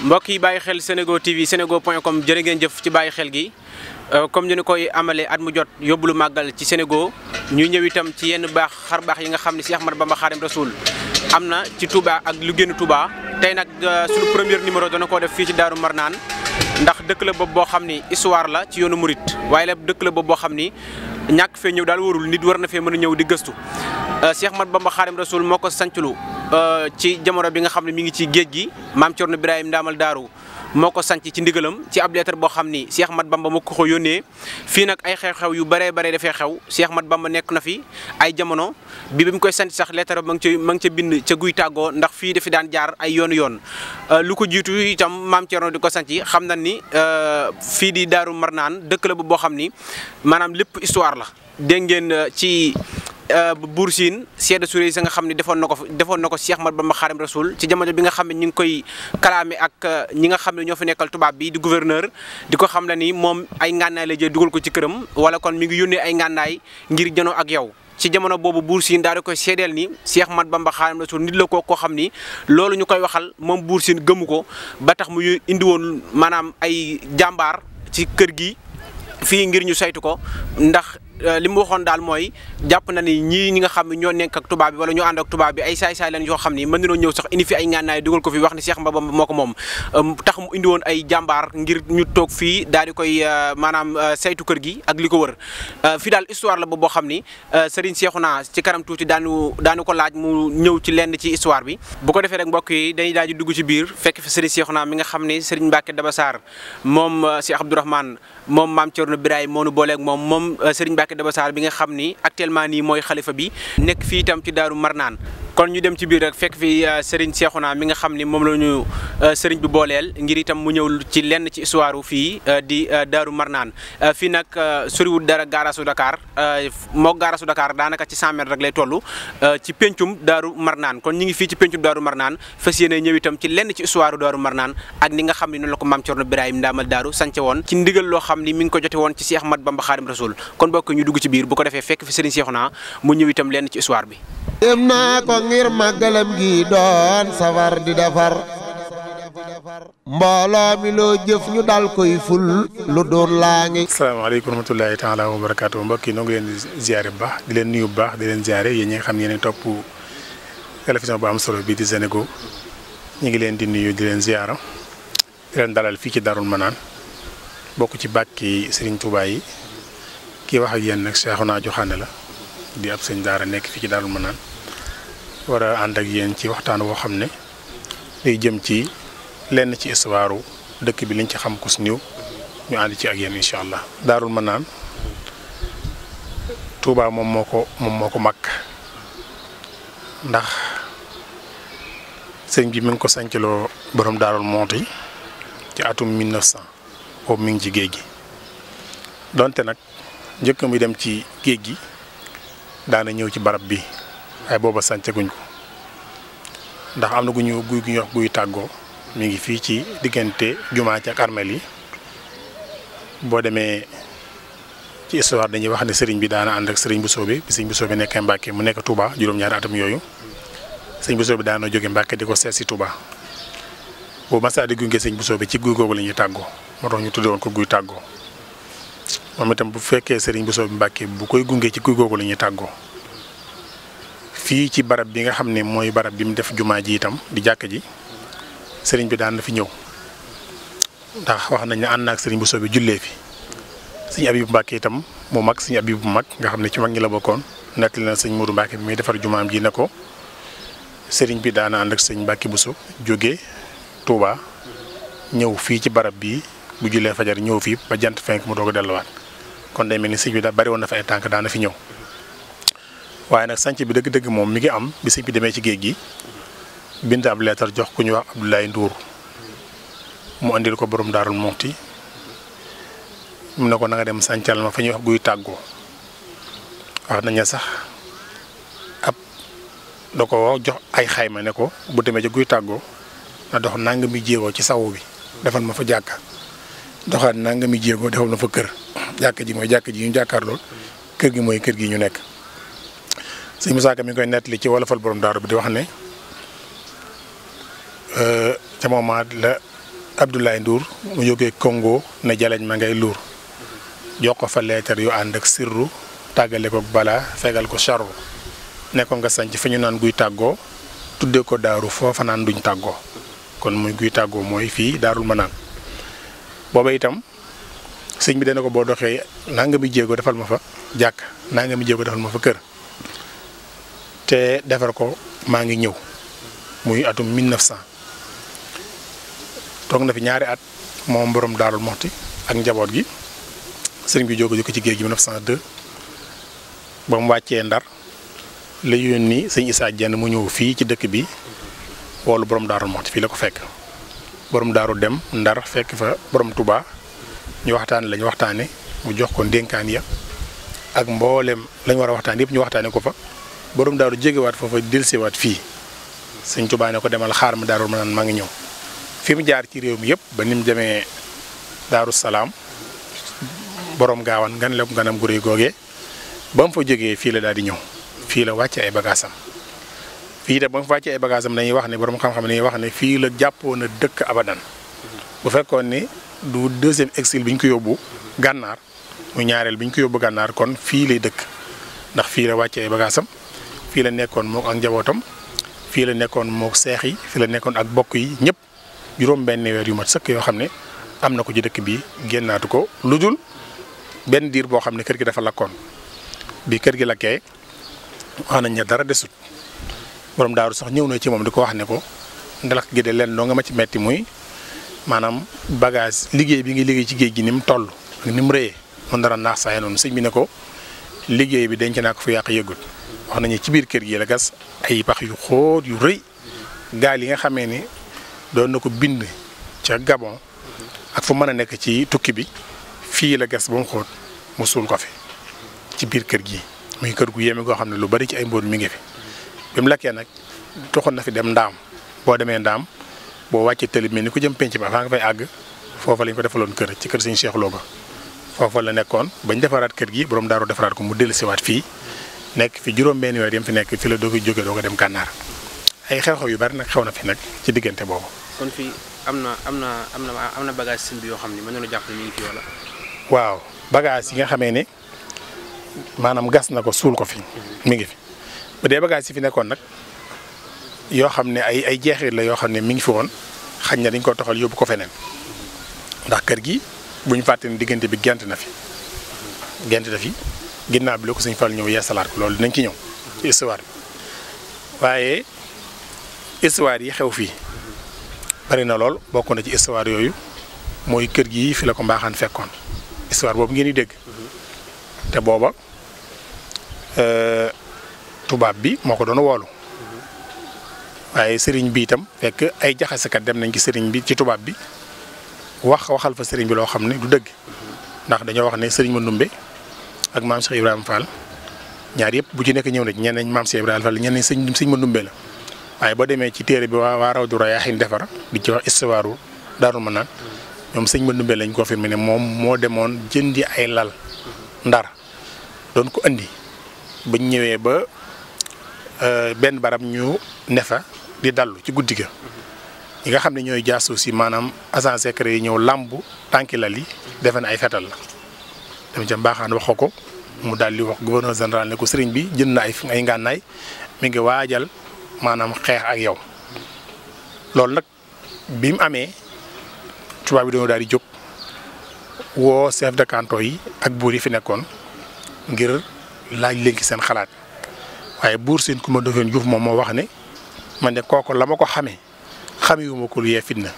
mbokk yi bàyyi xel sénégo TV senego.com jërë ngeen jëf ci bàyyi xel gi euh, comme ñu ni koy amalee at mu jot yóbbu lu màggal ci Senego ñu ñëw itam ci yenn baax xar baax yi nga xam ne Cheikh Ahmadou Bamba Khadim Rasoul am na ci Touba ak lu génn Touba tey nag euh, suñu premiere numéro dana koo def fii ci Daaru Marnaan ndax dëkk la boobu boo xam ni histoire la ci yoonu murit waaye la dëkk la boobu boo xam ni ñàkk fee ñëw daal warul nit war na fee mën a ñëw di gëstu euh, Cheikh Ahmadou Bamba Khadim Rasoul moo ko sanclu Euh, ci jamono bi nga xam ne mu ngi ci géej gi maam Thierno Birahim Ndaamal Daaru moo ko sanc ci ndigalam ci ab lettre boo xam ni Cheikh Mat Bamba moo ko ko yónnee fii nag ay xew-xew yu bëree bare dafee xew Cheikh Mat Bamba nekk na fi ay jamono bi bi mu koy sanc sax lettre ma ngi ca ma ngi ca bind ca guy tàggoo ndax fii dafi daan jaar ay yoonu yoon euh, lu ko jiitu itam maam Thierno di ko sanc xam na ni euh, fii di Daaru Marnaan dëkk la bu boo xam ni maanaam lépp histoire la dégg ngeen ci Euh, Buur Siin seede su rëy sa nga xam ne defoon na ko defoon na ko Cheikh Ahmadou Bamba Xaadim Rasul ci jamono bi nga xam ne ñu ngi koy kalaame ak euh, ñi nga xam ne ñoo fi nekkal tubaab bi di gouverneur di ko xam la ni moom ay ngànnaay la jël dugal ko ci këram wala kon mi ngi yónnee ay ngànnaay ngir janoo ak yow ci jamono boobu Buur Siin daal di koy seedeel ni Cheikh Ahmadou Bamba Xaadim Rasul nit la koo koo xam ni loolu ñu koy waxal moom Buur Siin gëmu ko ba tax mu indi woon maanaam ay jàmbaar ci kër gi fii ngir ñu saytu ko ndax Euh, li mu waxoon daal mooy jàpp na ni ñii ñi nga xam ne ñoo nekk ak tubaab bi wala ñoo ànd ak tubaab bi ay saay-saay lañ yoo xam ni mën nañoo ñëw sax indi fi ay ngànnaay dugal ko fi wax ni Cheikh Mbaba moo ko euh, tax mu indi woon ay jàmbaar ngir ñu toog fii daal di koy euh, maanaam saytu kër gi ak li ko wër fii daal histoire la ba boo xam ni Serigne naa ci kanam tuuti daanu daanu ko laaj mu ñëw ci lenn ci histoire bi bu ko defee rek mbokk yi dañuy daal di dugg ci biir fekk fi Serigne naa mi nga xam ni Serigne Mbacke Daba Sarr moom Cheikh Abdourahmane moom Mame Thierno Biraye moo nu booleeg moom moom Serigne Mbacke Mbacke Daba bi nga xam ni actuellement nii mooy xalifa bi nekk fii itam ci Daaru Marnaan kon ñu dem ci biir rek fekk fi euh, Serigne naa mi nga xam ni moom la ñu euh, Serigne bi booleel ngir itam mu ñëw ci lenn ci histoire fii euh, di Daaru Marnaan fii nag soriwul dara gaarasu Dakar moo gaarasu Dakar daanaka ci 100 mètres rek lay toll ci pencum Daaru Marnaan kon ñu ngi fii ci pencum Daaru Marnaan fas yéene ñëw itam ci lenn ci histoire Daaru Marnaan ak ni nga xam ne noonu la ko maam Cerno Birahim Ndaamal Daaru sance woon ci ndigal loo xam ni mu ngi ko jote woon ci Cheikh Ahmad Bamba Xaadim Rasul kon bokk ñu dugg ci biir bu ko defee fekk fi Serigne Cheikhouna mu ñëw itam lenn ci histoire bi dem naa ko ngir màggalam gi doon safar di defar mbooloo mi loo jëf ñu dal koy ful lu doon laa ngi asalaamaaleykum rahmatullahi taala wa barakaatu mbokk yi noo ngi leen di ziare baax di leen nuyu bu baax di leen ziare yéen ñi xam ne yéen topp télévision bu am solo bii di Sénégo ñu ngi leen di nuyu di leen ziara di leen dalal fii ci Darou Manane bokk ci bàkki Serigne Touba yi kii wax ak yéen nag Cheikhouna Joxaane la di ab sëñ daara nekk fii ci Daarul Manaan war a ànd ak yéen ci waxtaan woo xam ne day jëm ci lenn ci histoire dëkk bi liñ ci xam ko si néew ñu ànd ci ak yéen incha allah. Daarul Manaan Touba moom moo ko moom moo ko mag ndax sëñ bi mi ngi ko sancaloo boroom Daarul Monti ci atum 1900 boobu mi ngi ci géej gi donte nag njëkk mi dem ci géej gi. daana ñëw ci barab bi waaye booba sàncaguñ ko ndax am na gu ñu guy gu ñuy wax guy tàggoo mu ngi fii ci diggante jumaa ci ak armeel yi boo demee ci histoire dañuy wax ne sëriñ bi daana ànd ak sëriñ bu soobe bi sëriñ bu soobe nekkee Mbàkke mu nekk tubaa juróom-ñaari atam yooyu sëriñ bu soobe daana jóge Mbàkke di ko seet si Touba boobu masaa di gunge sëriñ bu soobe ci guy googu la ñuy tàggoo moo tax ñu tudde ko guy tàggoo moom itam bu fekkee sëriñ Bousso Mbacke bu koy gungee ci kuy googu la ñuy tàggoo fii ci barab bi nga xam ne mooy barab bi mu def jumaa ji itam di jàkk ji sëriñ bi daan na ñëw ndax nañ ne ànd naag sëriñ Bousso bi jullee fi sëñ Abibu Mbacke mu mag sëñ bu mag nga xam ne ci mag ñi la bokkoon na sëñ Modou Mbacke bi muy defar jumaam ji ne ko sëriñ bi daan ak sëñ Mbacke Bousso jógee Touba ñëw fii ci barab bi bu jullee fajar ñëw fii ba jant fenk mu doog a delluwaat kon day mel ni sëñ bi da bari woon na fa ay tànk daana fi ñëw waaye nag sànc bi dëgg-dëgg moom mi ngi am bi sëñ bi demee ci géej gi bind ab leetar jox ku ñu wax Abdoulaye Ndour mu andil ko borom daarul Muxti mu ne ko na nga dem sàncal ma fa ñuy wax guy tàggoo wax nañ sax ab da ko jox ay xayma ne ko bu demee ci guy tàggoo na dox mi jéego ci sawo bi defal ma fa jàkka. doxaat naa mi jéego defal na fa kër jàkk ji mooy jàkk ji ñu jàkkaar lool kër gi mooy kër gi ñu nekk sëñ Moussa mi ngi koy nettali ci wolofal borom daaru bi di wax ne euh, ca moment la Abdoulaye Ndour mu jógee kongo ne jaleñ ma ngay luur jox ko fa leetar yu ànd ak sirru tàggale ko balaa fegal ko charru nekkoon nga sanc fi ñu naan guy tàggoo tuddee ko daaru foofa naan duñ tàggoo kon muy guy tàggoo mooy fii daarul ma naan booba itam sëñ bi dana ko boo doxee nanga mi jéego defal ma fa jàkk nanga mi jéego defal ma fa kër te defar ko maa ngi ñëw muy atum 1900 toog na fi ñaari at moom boroom Daarul Moxti ak njaboot gi sëriñ bi jóge ko ci géej gi 1902 ba mu wàccee Ndar la yónni sëñ Issa jenn mu ñëw fii ci dëkk bi woolu borom Daarul Moxti fii la ko fekk borom daaru dem ndar fekk fa borom tubaa ñu waxtaan lañu waxtaane mu jox ko ndénkaan ya ak mboolem lañ war a waxtaan yëpp ñu waxtaane ko fa borom daaru jégewaat foofa delsewaat fii sëñ tubaa ne ko demal xaar ma daaru ma maa ngi ñëw fi mu jaar ci réew mi yëpp ba ni mu demee daaru salaam boroom gaawaan ngan la ko nganam guré googee ba mu fa jógee fii la daal di ñëw fii la wàcce ay bagaasam fii de ba mu fàccee ay bagage dañuy wax ne boroom xam-xam dañuy wax ne fii la jàppoon a dëkk abadan bu fekkoon ni du deuxième exil bi ñu ko yóbbu gànnaar mu ñaareel bi ñu ko yóbbu gànnaar kon fii lay dëkk ndax fii la wàccee ay bagage fii la nekkoon mook ak njabootam fii la nekkoon mook seex yi fii la nekkoon ak bokk yi ñëpp juróom benn weer yu mat sëkk yoo xam ne am na ko ci dëkk bi génnaatu ko lu dul benn diir boo xam ne kër gi dafa lakkoon bi kër gi lakkee wax nañ dara desut borom daaru sax ñëw na ci moom di ko wax ne ko ndalax gi de leen doo nga ma ci metti muy maanaam bagage liggéey bi ngi liggéey ci géej gi ni mu toll ak ni mu rëyee mun dara naax saa noonu sëñ bi ne ko liggéey bi denc naa ko fu yàq yëgut wax nañu ci biir kër gi la gas ay pax yu xóot yu rëy gaal yi nga xamee ni doon na ko bind ca Gabon ak fu mën a nekk ci tukki bi fii la gas ba mu xóot mu suul ko fi ci biir kër gi muy kër gu yéeme goo xam ne lu bari ci ay mbóot mi ngi fi bi mu lakkee nag toxoon na fi dem ndaam boo demee ndaam boo wàccee tëli mel ni ku jëm penc ba faa nga fay àgg foofa lañ ko defaloon kër ci kër Sëriñ Cheikh Lo foofa la nekkoon ba ñu defaraat kër gi borom daaru defaraat ko mu dellusiwaat fii nekk fi juróom-benn weer yam fi nekk fi la doo fi jógee doo ko dem gànnaar ay xew-xew yu bari nag xew na fi nag ci diggante boobu. kon fii am na am na am na am na bagage sëñ yoo xam ne mën na jàpp ne mi ngi fi wala. waaw bagage yi nga xamee ne maanaam gas na ko suul ko fi mu ngi fi. bu dee bagage yi fi nekkoon nag yoo xam ne ay ay jeexit la yoo xam ne mi ngi fi woon xañ na dañ ko toxal yóbbu ko feneen ndax kër gi bu ñu diggante bi gent na fi gent na fi ginnaaw bi la ko suñ fal ñëw yeesalaat ko loolu dinañ ki ñëw ci histoire bi waaye histoire yi xew fii bari na lool bokk na ci histoire yooyu mooy kër gi fi la ko mbaaxaan fekkoon histoire boobu ngeen di dégg mhm. te booba. Euh, tubaab bi moo ko doon woolu waaye sëriñ bi itam fekk ay jaxasekat dem nañ ci sëriñ bi ci tubaab bi wax waxal fa sëriñ bi loo xam ne du dëgg ndax dañoo wax ne sëriñ Mandumbe ak maam Cheikh Ibrahima Fall ñaar yëpp bu ci nekk ñëw na ci ñeneen maam Cheikh Ibrahima Fall ñeneen sëriñ sëriñ Mandumbe la. waaye boo demee ci téere bi waa waa Rawdu Rayaahin defar di ci wax istiwaaru ma Manaan ñoom sëñ sëriñ Mandumbe lañ ko confirmé ne moom moo demoon jëndi ay lal ndar doon ko andi ba. Euh, benn barab ñu nefa di dallu ci guddi ga ñi nga xam ne ñooy jaasuus yi maanaam agent secret yi ñëw làmb tànki lal yi defe na ay fetal la dama ca mbaaxaan waxoo ko mu daal di wax gouverneur général ne ko sëriñ bi jënd na ay ay ngànnaay mu ngi waajal maanaam xeex ak yow loolu nag bi mu amee tubaab bi dañoo daal di jóg woo chef de canton yi ak buur yi fi nekkoon ngir laaj leen seen xalaat waaye buur seen ku ma dofeen Juuf moom moo wax ne man de kooku la ma ko xamee xame wu ma ko lu yee fitna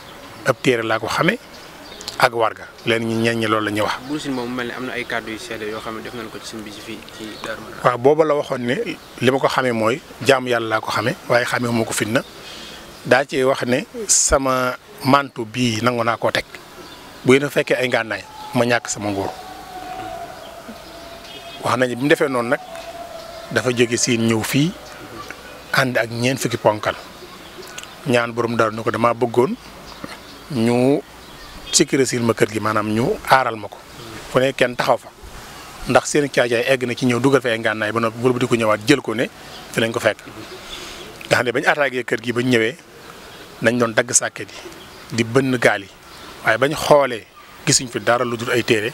ab téere laa ko xame ak warga leen ñi ñeñ ñi loolu la ñuy wax. buur seen moom mel ne am na ay kàddu yu yoo xam ne def nañ ko ci seen bi ci fii ci waaw booba la waxoon ne li ma ko xame mooy jaamu yàlla laa ko xame waaye xame wu ma ko fitna daa ci wax ne sama mantu bii nangu naa koo teg bu yéen a fekkee ay ngànnaay ma ñàkk sama nguur wax nañu bi mu defee noonu nag. dafa jóge siin ñëw fii ànd ak ñeent fukki ponkal ñaan borom daru ni ko dama bëggoon ñu sécuriser ma kër gi maanaam ñu aaral ma ko fu ne kenn taxaw fa ndax seen caacaay egg na ci ñëw dugal fa ay ngànnaay ba noppi bu di ko ñëwaat jël ko ne fi lañ ko fekk nga xam ne bañ attaqué kër gi bañ ñëwee nañ doon dagg sàkket yi di bënn gaal yi waaye bañ xoolee gisuñ fi dara lu dul ay téere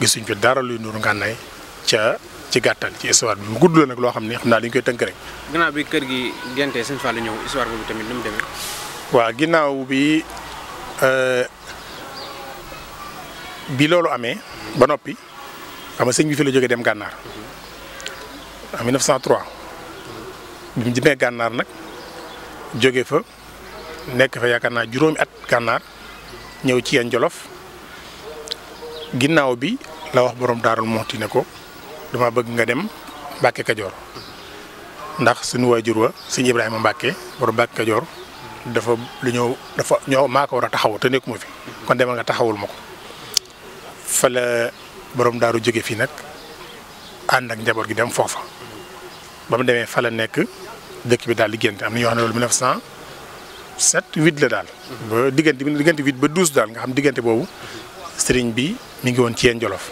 gisuñ fi dara luy nuru ngànnaay ca ci gàttal ci histoire bi mu gudd la nag loo xam ne xam naa dañ koy tënk rek. ginnaaw bi kër gi géntee sëñ Fallou ñëw histoire boobu tamit ni mu demee. waaw ginnaaw bi euh, bi loolu amee ba noppi xam nga sëñ bi fi la jógee dem gànnaar en 1903 bi mu gànnaar nag jóge fa nekk fa yaakaar naa juróomi at gànnaar ñëw ci yeen jolof ginnaaw bi la wax borom daarul moxti ne ko. dama bëgg nga dem Mbàkke Kajoor ndax suñu waajur wa sëñ Ibrahima Mbàkke borom Mbàkke Kajoor dafa lu ñëw dafa ñoo maa ko war a taxaw te nekkuma fi kon demal nga taxawul ma ko fa la borom daaru jóge fii nag ànd ak njaboot gi dem foofa ba mu demee fa la nekk dëkk bi daal di génn am na ñoo xam ne loolu 1907 8 la daal. ba diggante diggante 8 ba 12 daal nga xam diggante boobu sëriñ bi mi ngi woon ci yeen Jolof.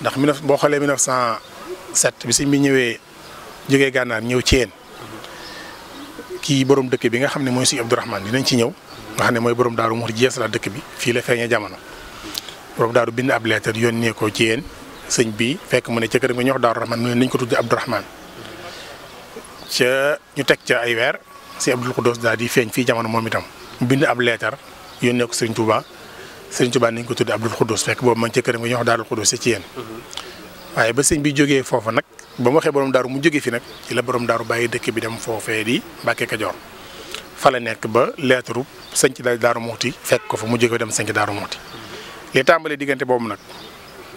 ndax mille boo xoolee 1907 bi sëñ bi ñëwee jógee gànnaar ñëw ci Thiène kii borom dëkk bi nga xam ne mooy sëñ Abdourahmane dinañ ci ñëw nga xam ne mooy borom daaru Muxti jeesalaat dëkk bi fii la feeñee jamono borom daaru bind ab lettre yónnee ko Thiène sëñ bi fekk mu ne ca kër nga ñox daaru Rahman mu ne nañ ko tuddee Abdourahmane ca ñu teg ca ay weer sëñ Abdoul Khoudous daal di feeñ fii jamono moom itam mu bind ab lettre yónnee ko sëñ Touba. sëriñ Tuubaa nañ ko tuddee Abdul Xuddus fekk boobu man ci këram nga ñuy wax Daarul Xuddus ci yéen waaye ba sëñ bi jógee foofa nag ba mu waxee boroom daaru mu jóge fi nag ci la borom daaru bàyyi dëkk bi dem foofee di Mbàkke Kajoor fa la nekk ba leetaru sanc daal daaru muuti fekk ko fa mu jógee dem sanc daaru muuti li tàmbalee diggante boobu nag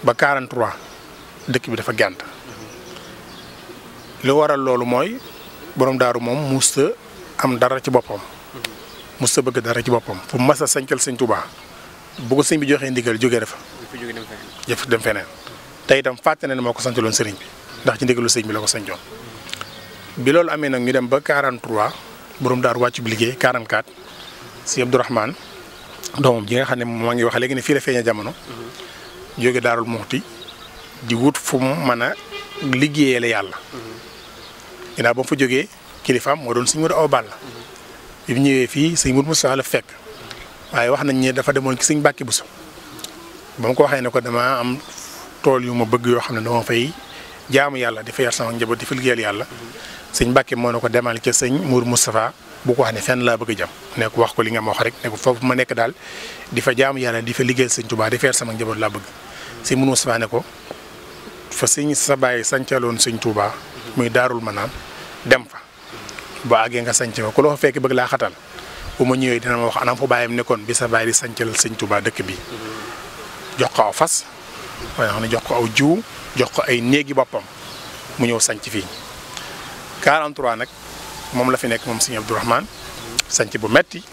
ba 43 dëkk bi dafa gànt li waral loolu mooy boroom daaru moom musta am dara ci boppam musta bëgg dara ci boppam fu mas a sancal sëñ Tuubaa bu ko sëñ bi joxee ndigal jógee dafa jëf dem feneen te itam fàtte ne moo ko sancaloon sëriñ bi ndax ci ndigalu sëñ bi la ko sancoon bi loolu amee nag ñu dem ba 43 borom daaru wàccu bi liggéey 44 si Abdourahmane doomam ji nga xam ne maa ngi wax léegi ne fii la feeña jamono mm-hmm. jóge daarul muxti di wut fu mu mën a liggéeyee la yàlla mm-hmm. ginnaaw ba mu fa jógee kilifaam moo doon sëñ Moodu Awa Balla mm-hmm. bi mu ñëwee fii sëñ Moodu Mustafaa la fekk waaye wax nañ ne dafa demoon ci sëñ bu Buso ba ma ko waxee ne ko damaa am tool yu ma bëgg yoo xam ne dama fay jaamu yàlla di fa yar sama njaboot yàlla sëñ Mbàkke moo ne ko demal ca sëñ Mour Moustapha bu ko wax ne laa bëgg a jam ne wax ko li nga ma wax rek ne ko foofu ma nekk daal di fa jaamu yàlla di fa di fa yar sama laa bëgg sëñ Mour ko fa sëñ sa bàyyi sancaloon sëñ Tuubaa muy daarul ma manaan dem fa ba àggee nga sanc fa ku la fa fekk bëgg laa xatal bu ma ñëwee dina ma wax anam fu bàyyam nekkoon bi sa bàyyi di sancal sëñ Touba dëkk bi jox ko aw fas waaye xam ne jox ko aw jiw jox ko ay néegi boppam mu ñëw sanc fii 43 nag moom la fi nekk moom sëñ Abdourahmane sanc bu metti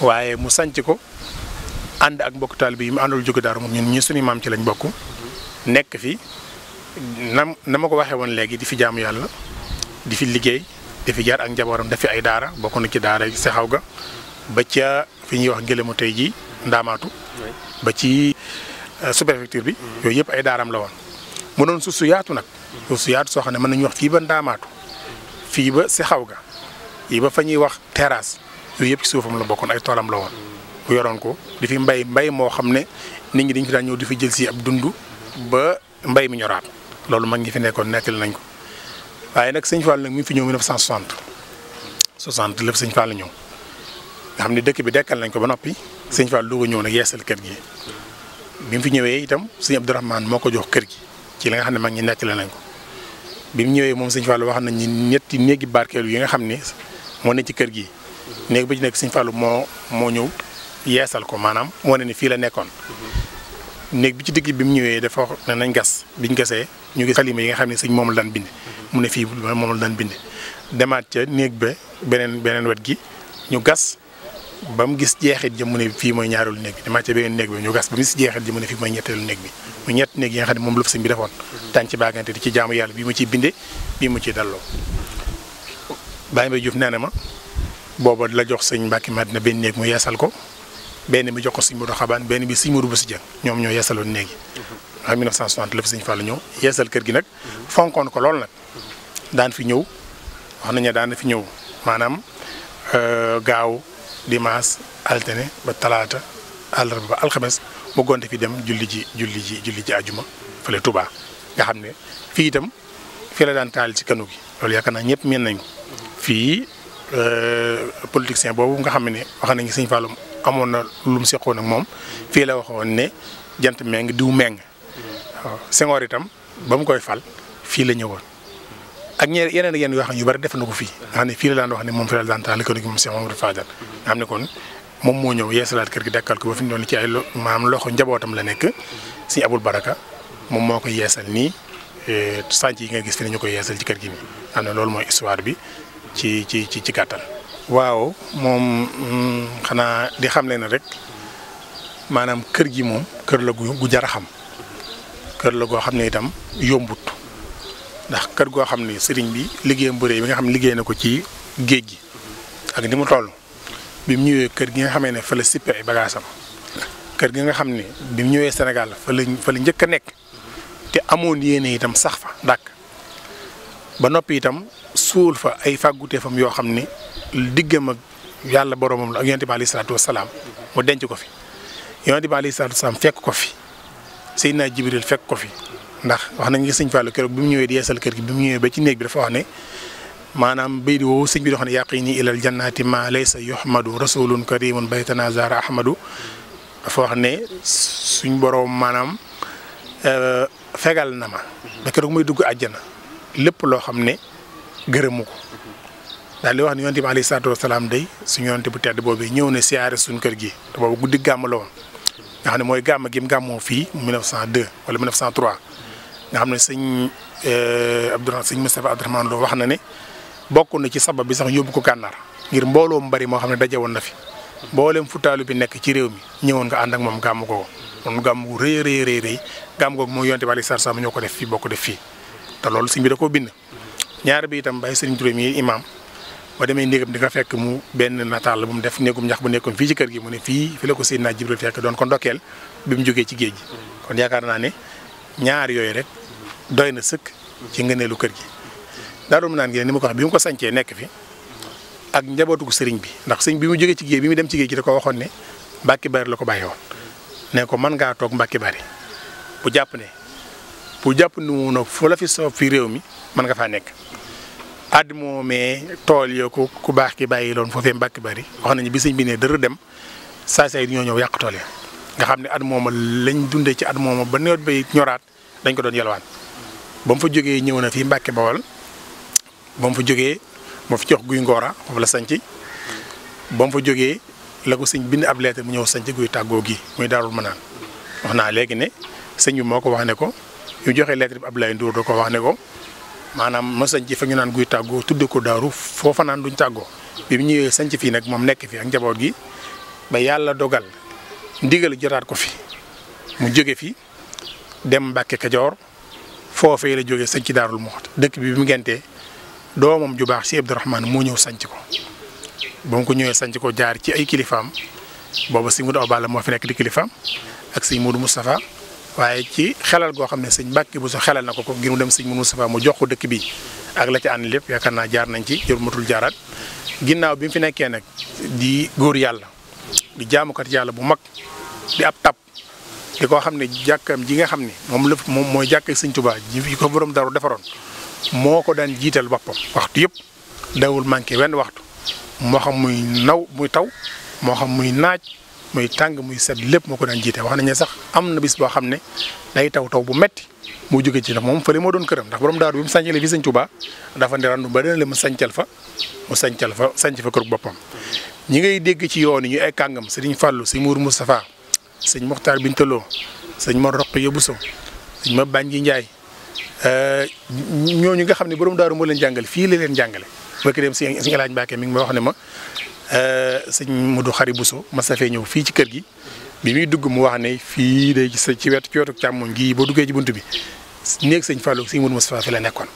waaye mu sañc ko ànd ak mbokk taal bi mu àndul jóge daaru moom ñun ñi suñu maam ci lañ bokk nekk fi nam na ma ko waxee woon léegi di fi jaamu yàlla di fi liggéey di fi jaar ak njabootam def fi ay daara bokk na ci daara yi Sexaw ga ba ca fi ñuy wax Ngélémou tey jii ndaamaatu ba ci euh, sous bi. Mm-hmm. yooyu yëpp ay daaram la woon. mu doon suuf suyaatu nag. Mm-hmm. suuf su soo xam ne mën nañu wax fii ba ndaamaatu mm-hmm. fii ba Sexaw ga yi ba fa ñuy wax terrasse yooyu yëpp suufam la bokkoon ay toolam la woon. bu yoroon ko di fi mbay mbay moo xam ne nit ñi dañ fi daan ñëw di fi jël si ab dund ba mbay mi ñoraat loolu mag ñi fi nekkoon nekkal nañ ko. waaye nag sëñ Fall nag mi ngi fi ñëw 1960 60 lépp sëñ Fall ñëw nga xam ne dëkk bi dekkal nañ ko ba noppi sëñ Fall doo ko ñëw nag yeesal kër gi bi mu fi ñëwee itam sëñ Abdourahmane moo ko jox kër gi ci li nga xam ne mag ñi nettali nañ ko bi mu ñëwee moom sëñ Fall wax nañ ni ñetti néegi barkeelu yi nga xam ne moo ne ci kër gi néeg bi ci nekk sëñ Fall moo moo ñëw yeesal ko maanaam moo ne ni fii la nekkoon. néeg bi ci digg bi mu ñëwee dafa wax nañ gas biñ gasee ñu gis xalima yi nga xam ne sëñ moom la daan bind mu ne fii moom la daan bind demaat ca néeg ba beneen beneen wet gi ñu gas ba mu gis jeexit ja mu ne fii mooy ñaareelu néeg bi demaat ca beneen bi ñu gas ba mu gis jeexit ja mu mooy ñetteelu néeg bi ñett néeg yi nga xam ne moom la fa sëñ bi defoon daan ci baagante di ci jaamu yàlla bi mu ciy binde bi mu ci dalloo Baye Mbaye Diouf nee na ma booba la jox sëñ Mbacke Madina benn néeg mu yeesal ko benn bi jox ko sëñ Modou Xabaan benn bi sëñ Modou Bousso ñoom ñoo yeesaloon néeg yi mhm. en 1960 la fi sëñ Fallou ñëw yeesal kër gi nag fonkoon ko lool nag daan fi ñëw wax nañu daan fi ñëw maanaam euh, gaaw dimaas altine ba talaata àllarba ba alxames mu gonte fi dem julli ji julli ji julli ji ajuma fële Touba nga xam ne fii itam fii la daan taal ci kanu gi loolu yaakaar naa ñëpp mën nañ ko mhm. fii euh, politicien boobu nga xam ne wax nañu sëñ Fallou amoon na lu mu seqoon ak moom fii la waxoon ne jant meng diw meng waaw Senghor itam ba mu koy fal fii la ñëwoon ak ñeer yeneen ak yeneen yoo xam yu bari def na ko fii nga xam ne fii la wax ne moom fi la daan taal ko moom Cheikh Mamadou Fadal nga kon moom moo ñëw yeesalaat kër gi dekkal ko ba fi ñu doon ci ay maam loxo njabootam la nekk si abul baraka moom moo koy yeesal nii eh, sànc yi nga gis fi ne yeesal ci kër gi nii xam ne loolu mooy histoire bi ci ci ci ci gàttal waaw moom mm, xanaa di xam xamle na rek maanaam kër gi moom kër la gu jar a xam kër la goo xam ne itam yombut ndax kër goo xam ne sëriñ bi liggéeyam bu rëy bi nga xam ne liggéey na ko ci géej gi ak ni mu toll bi mu ñëwee kër gi nga xamee ne fa la sippe ay bagaasam kër gi nga xam ne bi mu ñëwee Sénégal fa la fa la njëkk a nekk te amoon yéene itam sax fa dàkk ba noppi itam suul fa ay fàgguteefam yoo xam ni diggam ak yàlla boromam la ak yonent bi alayhi salaatu wasalaam mu denc ko fi yonent bi alayhi salaatu wasalaam fekk ko fi Seydina Jibril fekk ko fi ndax wax nañ ngi sëñ Fallou keroog bi mu ñëwee di yeesal kër gi bi mu ñëwee ba ci néeg bi dafa wax ne maanaam bay di woowu sëñ bi doo xam ne yaqini ilal jannati ma laysa yuhmadu rasulun karimun baytana zara ahmadu dafa wax ne suñ boroom maanaam eh, fegal na ma ba keroog mooy dugg àjjana lépp loo xam ne gërëmu ko daal di wax ne yonent bi alayhi salaatu wasalaam day suñu yonent bu tedd boobu ñëw ne siyaare suñu kër gi boobu guddi gàmm la woon ne mooy gàmm gi gàmmoo fii 1902 wala 1903 nga xam ne sëñ euh, Abdourahmane sëñ Moustapha Abdourahmane Lo wax na ne bokk na ci sabab bi sax yóbbu ko gànnaar ngir mbooloo mu bari moo xam ne daje woon na fi mboolem futaalu bi nekk ci réew mi ñëwoon nga ànd ak moom gàmm ko woon. gàmm gu rëy a rëy rëy gàmm mooy yonent bi alayhi salaatu wasalaam ñoo ko def fii ko def fii te loolu sëñ bi da koo bind. ñaar bi itam bàyyi sëriñ Touré mi imaam ba demee néegam di nga fekk mu benn nataal bu mu def néegum ñax bu nekkoon fii ci kër gi mu ne fii fi la ko Seydina Jibril fekk doon ko ndokkeel bi mu jógee ci géej gi. yaakaar naa ne ñaar yooyu rek doy na sëkk ci ngëneelu kër gi. Daaru Minaan gi ni ma ko wax bi mu ko sancee nekk fi ak njabootu sëriñ bi ndax sëriñ bi mu jógee ci géej bi mu dem ci géej gi da ko waxoon ne Mbàkke Bari la ko bàyyi woon ne ko mën ngaa toog Mbàkke Bari bu jàpp ne pour jàpp ni mu nag foo la fi soob fi réew mi mën nga faa nekk. add moomee tool yoo ko ku baax ki bàyyi loon foofee mbàkk bari wax nañu bi sëñ bi nee dër dem saa saa yi ñoo ñëw yàq tool ya nga xam ne at mooma lañ dundee ci at mooma ba nawet bay ñoraat dañ ko doon yalwaan ba mu fa jógee ñëw na fii Mbàkke Bawol ba mu fa jógee moo fi jox guy Ngora foofu la sanc ba mu fa jógee la ko sëñ bind ab lettre mu ñëw sanc guy tàggoo gi muy daarul manaan wax naa léegi ne sëñ bi moo ko wax ko ñu joxe lettre bi Abdoulaye Ndour da ko wax ne ko maanaam ma sañ ci fa ñu naan guy tàggoo tudde ko daaru foo fa naan duñ tàggoo bi mu ñëwee sañ fii nag moom nekk fi ak njaboot gi ba yàlla dogal ndigal jotaat ko fi mu jóge fi dem Mbàkke Kajoor foofee la jógee sañ ci daarul moo dëkk bi bi mu ngentee doomam ju baax si Abdourahmane moo ñëw sanc ko ba mu ko ñëwee sanc ko jaar ci ay kilifaam booba si Modou Awa Balla moo fi nekk di kilifaam ak si Modou Moustapha waaye ci xelal goo xam ne sëñ Mbàkke bu sa xelal na ko ko ngir mu dem sëñ Moustapha mu jox ko dëkk bi ak la ci ànd lépp yaakaar naa jaar nañ ci jël matul jaaraat ginnaaw bi mu fi nekkee nag di góor yàlla di jaamukat yàlla bu mag di ab tab di koo xam ne jàkkam ji nga xam ne moom la moom mooy jàkkee sëñ Tuubaa ji ko borom daru defaroon moo ko daan jiital boppam waxtu yëpp dawul manqué wenn waxtu moo xam muy naw muy taw moo xam muy naaj muy tàng muy set lépp moo ko daan jiite wax nañ sax am na bis boo xam ne day taw taw bu metti mu jóge ci ndax moom fële moo doon këram ndax borom daaru bi mu sàncalee fi sëñ Tuubaa dafa ne randu ba dina la mu sàncal fa mu sàncal fa sànc fa kër boppam. ñi ngay dégg ci yoon yi ñu ay kàngam sëriñ Fallou sëñ Mour Moustapha ñu Mokhtar Bintaloo sëñ Mor Roq Yobousso sëñ Ma Banji Ndiaye euh, ñooñu nga xam ne borom daaru moo leen jàngal fii la leen jàngale. ba ki dem si si El Hadj Mbacke mi ngi ma wax ne ma Euh, sëñ Modou Khary Bousso mas ma fee ñëw fii ci kër gi bi muy dugg mu wax ne fii day gis ci wetu ci wetu càmmoñ gii boo duggee ci bunt bi néeg sëñ Fallou sëñ Modou Moustapha fi la nekkoon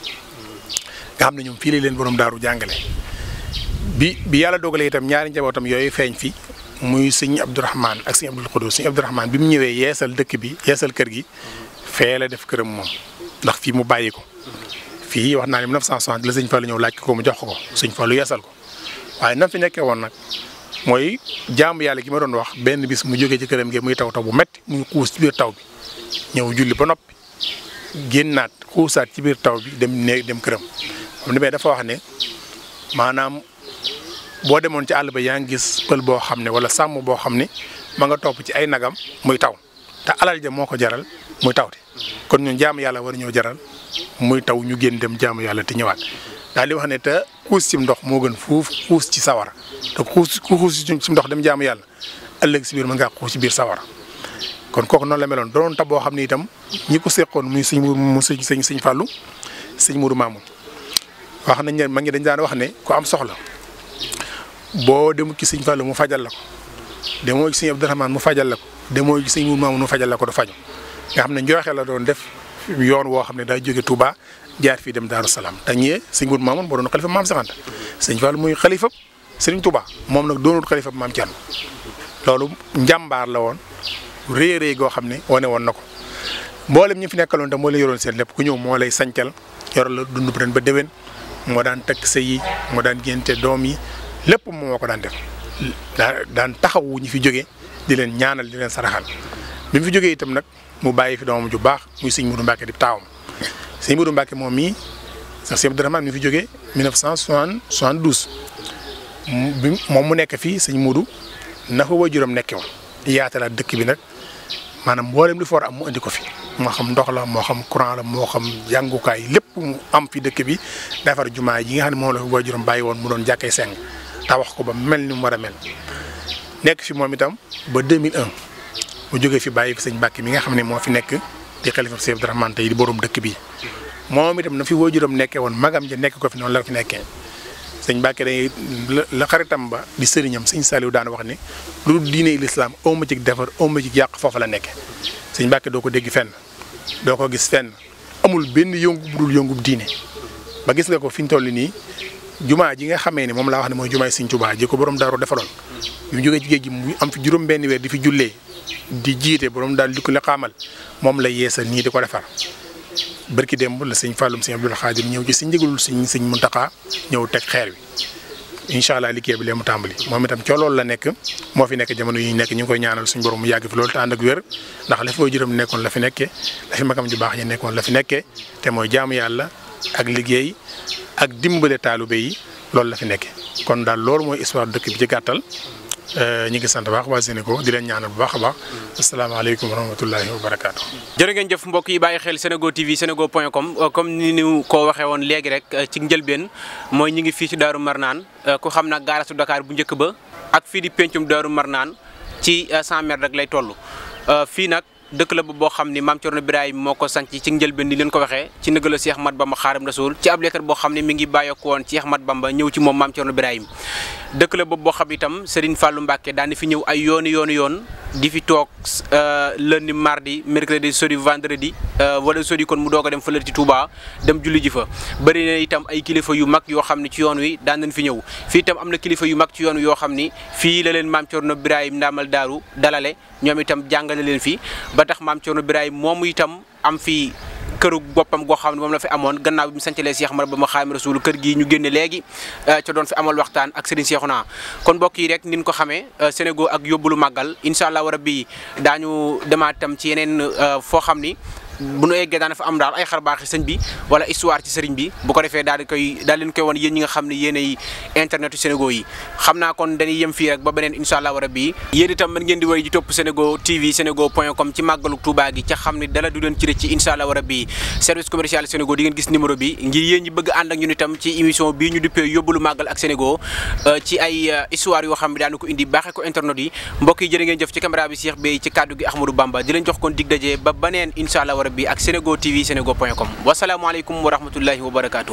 nga xam fii la leen borom daaru jàngale bi bi yàlla dogalee itam ñaari njabootam yooyu feeñ fi muy sëñ Abdourahman ak sëñ Abdoul Khoudous sëñ Abdourahman bi mu ñëwee yeesal dëkk bi yeesal kër gi fee la def këram moom ndax fii mu bàyyi ko fii naa ne 1960 la sëñ Fallou ñëw laaj ko mu jox ko ko sëñ Fallou yeesal ko waaye nam fi nekkee woon nag mooy jaamu yàlla gi ma doon wax benn bis mu jóge ci këram gi muy taw taw bu metti muy xuus ci biir taw bi ñëw julli ba noppi génnaat xuusaat ci biir taw bi dem néeg dem këram moom li may dafa wax ne maanaam boo demoon ci àll ba yaa ngi gis pël boo xam ne wala sàmm boo xam ne ma nga topp ci ay nagam muy taw te alal ja moo ko jaral muy taw tawte kon ñu jaamu yàlla war ñoo jaral muy taw ñu génn dem jaamu yàlla te ñëwaat. daal di wax ne te xuus ci ndox moo gën fuuf xuus ci sawara te xuus ku xuus ci ndox dem jaamu yàlla ëllëg si biir mën ngaa xuus ci biir sawara kon kooku noonu la meloon doon tab boo xam ne itam ñi ko seqoon muy sëñ mu sëñ sëñ sëñ Fallou sëñ Mourou Mamoun wax nañ ne ma ngi dañ daan wax ne ku am soxla boo demu ci sëñ Fallou mu fajal la ko demoo ci sëñ Abdourahmane mu fajal la ko demoo sëñ Mourou Mamoun mu fajal ko du faju nga xam ne njooxe la doon def yoon woo xam ne daa jóge tubaa jaar fii dem Daaru Salaam te ñee sëñ Mourou Mamoun moo doon xalifa maam sëñ Fall muy xalifa sëriñ Touba moom nag doonul xalifa maam Thierno loolu njàmbaar la woon réy réy goo xam ne wane woon na ko mboolem ñi fi nekkaloon tam moo lay yoroon seen lépp ku ñëw moo lay sancal yoral la dund bu ren ba déwén moo daan takk sëy yi moo daan génte doom yi lépp moo ko daan def daan taxawu ñi fi jóge di leen ñaanal di leen saraxal bi mu fi jógee itam nag mu bàyyi fi doomam ju baax muy sëñ Mourou Mbacke di taawam sëñ Modou Mbacke moom mii sax sëñ Abdourahmane mi fi jógee 1972 bi moom mu nekk fii sëñ Modou na fa waajuram nekke woon yaatalaat dëkk bi nag maanaam mboolem li foor am mu indi ko fi moo xam ndox la moo xam courant moo xam jàngukaay lépp am fi dëkk bi defar jumaa yi nga xam ne moom la fa waajuram bàyyi woon mu doon jàkkee seng tabax ko ba mel ni mu war a mel nekk fi moom itam ba 2001 mu jógee fi bàyyi fi sëñ Mbacke mi nga xam ne moo fi nekk di xalifa Sëriñ Abdourahmane tey di borom dëkk bi moom itam na fi waajuram nekkee woon magam ja nekk ko fi noonu la fi nekkee sëñ Mbàkke day la xaritam ba di sëriñam sëñ Saliou daan wax ne lu diine lislaam awma ci defar awma ci yàq foofu la nekke sëñ Mbàkke doo ko dégg fenn doo ko gis fenn amul benn yëngu bu dul yëngub diine ba gis nga ko fi ñu toll nii jumaa ji nga xamee ne moom laa wax ne mooy jumaay Sëñ Tuubaa ji ko borom daaru defaloon bi mu jógee ci géej mu am fi juróom benn weer di fi jullee di jiite borom daal di ko la xaamal moom la yeesal nii di ko defar barki démb la sëñ Falloum sëñ Abdoul Khadir ñëw ci si njëgalul sëñ sëñ Muntaxa ñëw teg xeer wi incha allah liggéey bi lee mu tàmbali moom itam ca loolu la nekk moo fi nekk jamono yi nekk ñu ngi koy ñaanal suñ borom mu yàgg fi loolu te ànd ak wér ndax la fi waajuram la fi nekkee la ju baax yi nekkoon la fi nekkee te mooy jaamu yàlla ak liggéey ak dimbale taalibe yi loolu la fi nekke kon daal loolu mooy histoire dëkk bi ci gàttal euh, ñu ngi sant baax waa Sénégo di leen ñaanal bu baax a baax asalaamaaleykum wa rahmatullahi wa barakaatu. jërë ngeen jëf mbokk yi bàyyi xel Sénégo TV Sénégo point com euh, comme ni ñu ko waxee woon léegi rek euh, ci njëlbeen mooy ñu ngi fii ci Daaru Marnaan ku xam nag gaarasu Dakar bu njëkk ba ak fii di pencum Daaru Marnaan ci 100 mètres rek lay toll fii nag. dëkk la boo xam ni maam Cerno Birahim moo ko sanc ci njëlbeen ni leen ko waxee ci nëgala Cheikh Ahmad Bamba Xaadim Rasul ci ab leetar boo xam ne mi ngi bàyyeekoo woon ci Cheikh Ahmad Bamba ñëw ci moom maam Cerno Birahim dëkk la boobu boo xam itam Serigne Fallou Mbacke daan fi ñëw ay yoonu yoonu yoon di fi toog euh, lundi mardi mercredi jeudi vendredi euh, wala jeudi kon mu doog a dem fële ci Touba dem julli ji fa bëri na itam ay kilifa yu mag yoo xam ne ci yoon wi daan nañ fi ñëw fii itam am na kilifa yu mag ci yoon yoo xam ni fii la leen maam Cerno Birahim ndaamal daaru dalale ñoom itam jàngale leen fii ba tax maam Thierno Birahim moomu itam am fi këru boppam goo xam ne moom la fi amoon gannaaw bi mu sancalee Cheikh Ahmadou Bamba Khadimu Rasul kër gi ñu génne léegi euh, ca doon fi amal waxtaan ak Serigne naa kon mbokk yi rek nin ko xamee euh, Sénégal ak yóbbu màggal incha allah rabi daañu demaat ci yeneen euh, foo xam ni bu nu eggee daana fa am daal ay xar baaxi sëñ bi wala histoire ci sëriñ bi bu ko defee daal leen koy wan yéen ñi nga xam ne yéenay internet yu yi xam naa kon dañuy yem fii rek ba beneen incha bi ngir yéen ñi ak ñun euh, ci ay euh, histoire yoo xam ne ko indi baaxee ko internet yi mbokk yi jëf ci caméra bi Cheikh Bey ci kaddu gi Ahmadou Bamba di leen kon dig dajee ba beneen incha bi ak Senego TV Senego point com wasalaamaaleykum wa rahmatullahi wa barakaatu.